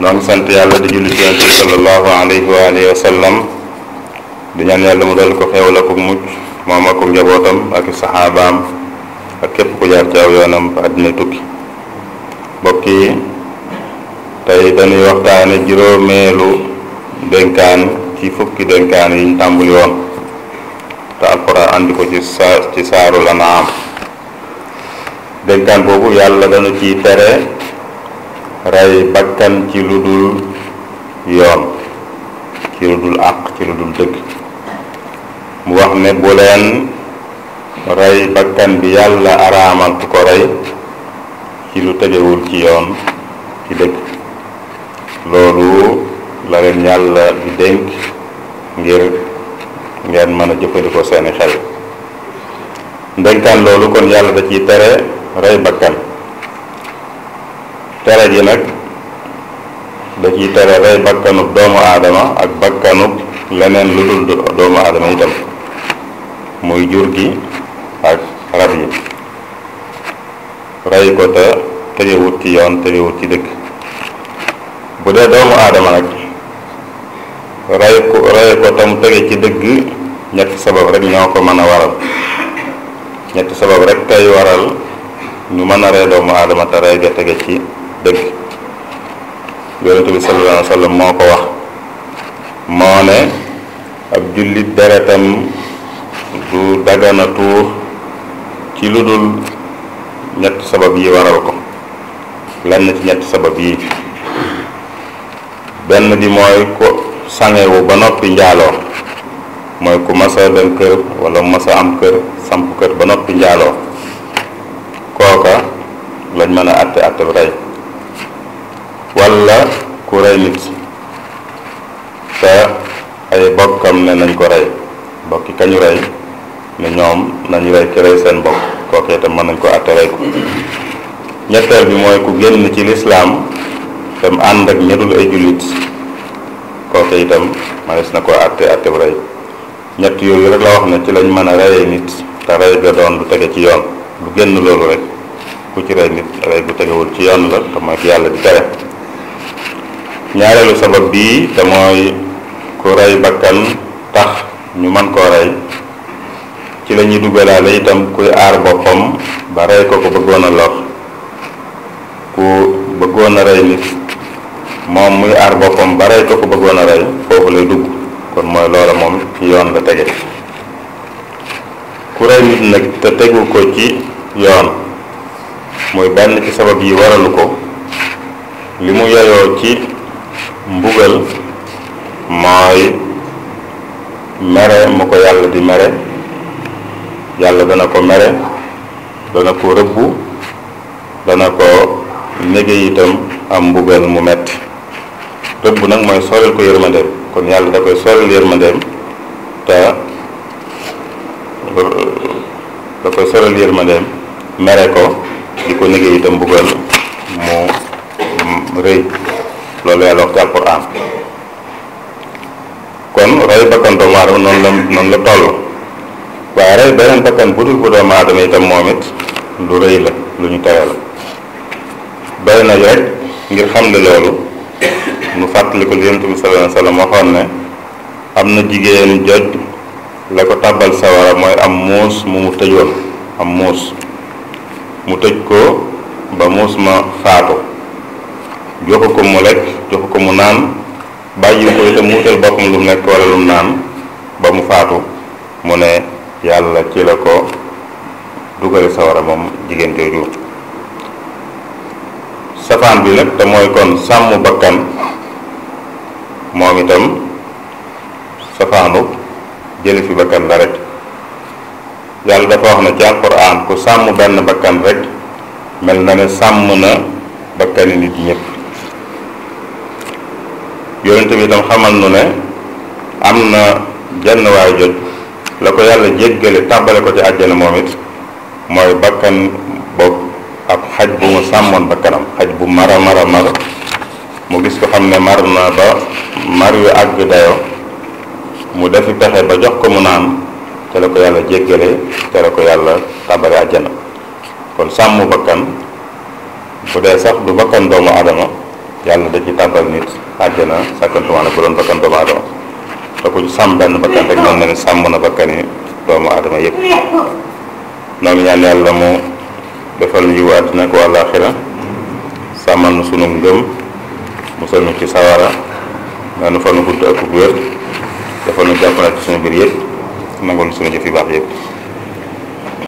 noo ngi sant yàlla di julli ci yonent bi wa alihi wa ñaan yàlla mu dal ko xeewal ak mucc moom ak njabootam ak saxaabaam ak képp ku ci aw yoonam àddina tukki mbokk yi tey dañuy waxtaane juróomeelu dénkaan ci fukki dénkaan yiñ tàmbali woon te alxuraan andi ko ci saa ci saarul anaam dénkaan boobu yàlla dañu ciy tere rai bakkan ci lu yoon ci lu ak ci lu dëgg mu wax ne bu leen rey bakkan bi yàlla araamal ko rey ci lu tegewul ci yoon ci dëgg loolu la leen yàlla di dénk ngir ngeen mën a jëfandikoo seeni xel ndénkaan loolu kon yàlla da ciy tere bakkan tere ji nag da ciy tere rey bakkanub doomu aadama ak bakkanub leneen lu dul doomu aadama itam muy jur gi ak rab yi rey ko te tegewut ci yoon tegewut ci dëkk bu dee doomu aadama nag rey ko rey ko tam tege ci dëgg ñetti sabab rek ñoo ko mën a waral ñetti sabab rek kay waral ñu mën a rey doomu aadama te rey ga tege ci dëgg yonente bi wa sallam moo ko wax moo ne ab jullit deretam du dagana tuur ci lu dul ñett sabab yi waral ko lan na ci ñett sabab yi benn bi mooy ko sangewu ba noppi njaaloo mooy ku masa dem kër wala masa am kër samp ba noppi njaaloo kooka lañ mën a àtte àtte bi rey walla ku rey nit te ay bokkam ne nañ ko rey bokki kañu rey ne ñoom nañu rey ki rey seen bokk kooku itam mën nañ ko atte rey ko ñetteel bi mooy ku génn ci lislaam tam ànd ak ñedul ay julit kooku itam manes na ko atte atte rey ñett yooyu rek la wax ne ci lañ mën a reyee nit te rey ga doon du tege ci yoon lu génn loolu rek ku ci rey nit rey gu tegewul ci yoon la te mooy yàlla di tere ñaareelu sabab bii te mooy ku rey bakkan tax ñu mën koo rey ci la ñuy dugalaale itam kuy aar boppam ba rey ko ku bëggoon a lor ku bëggoon a rey nit moom muy aar boppam ba rey ko ku bëggoon a rey foofu lay dugg kon mooy loola moom ci yoon la tege ku rey nit nag te tegu ko ci yoon muy benn ci sabab yi waralu ko li mu yeyoo ci mbugal mooy mere mu ko yàlla di mere yàlla dana ko mere dana ko rëbbu dana ko nege itam am mbugal mu metti rëbb nag mooy sooleel ko yërmandeem kon yàlla da koy sooleel yërmandeem te da koy sooleel yërmandeem mere ko di ko nege itam mbugal mu rëy loolu yàlla wax kon rey bakkan aadama noonu la noonu waaye rey beneen bakkan bu dul aadama itam moom it lu rëy la lu ñu tere la bari na rek ngir xam ne loolu nu fàttali li Yonent bi sallallahu alayhi wa sallam waxoon ne am na jigéen joj la ko tàbbal sawara mooy am muus mu mu tëjoon am muus mu tëj ko ba muus ma faatu joxu ko mu lekk joxu ko mu naan bàyyi ko itam mu utal boppam lu mu lekk wala lu mu naan ba mu faatu mu ne yàlla ci la ko dugale sawara moom jigéen jooju safaan bi nag te mooy kon sàmm bakkan moom itam safaanu jële fi bakkan la rek yàlla dafa wax na ci alxuraan ku sàmm benn bakkan rek mel na ne sàmm na bakkani nit ñépp yonente bi itam xamal nu ne am na jenn waay jot la ko yàlla jéggale tàbbale ko ci àjjana moom it mooy bakkan bopp ab xaj bu mu sàmmoon bakkanam xaj bu mara mara mar mu gis ko xam ne mar na ba mar yu àgg dayo mu defi pexe ba jox ko mu naan te la ko yàlla jéggale te la ko yàlla tàbbale àjjana kon sàmm bakkan bu dee sax du bakkan doomu adama yàlla da ci tàbbal nit àjjana sàkkantumaane bu doon bakkan doomu aadama te ku sàmm benn bakkan rek mën na sam sàmm na bakkani doomu aadama yek noo ngi ñaan yàlla mu defal ñu yiw àddina ko àllaaxira sàmmal nu sunu ngëm musal nu ci sawara nga nu fa nu gudd ak wér defal nu jàppale ci suñu biir yëpp nangul suñu jëf fi baax yek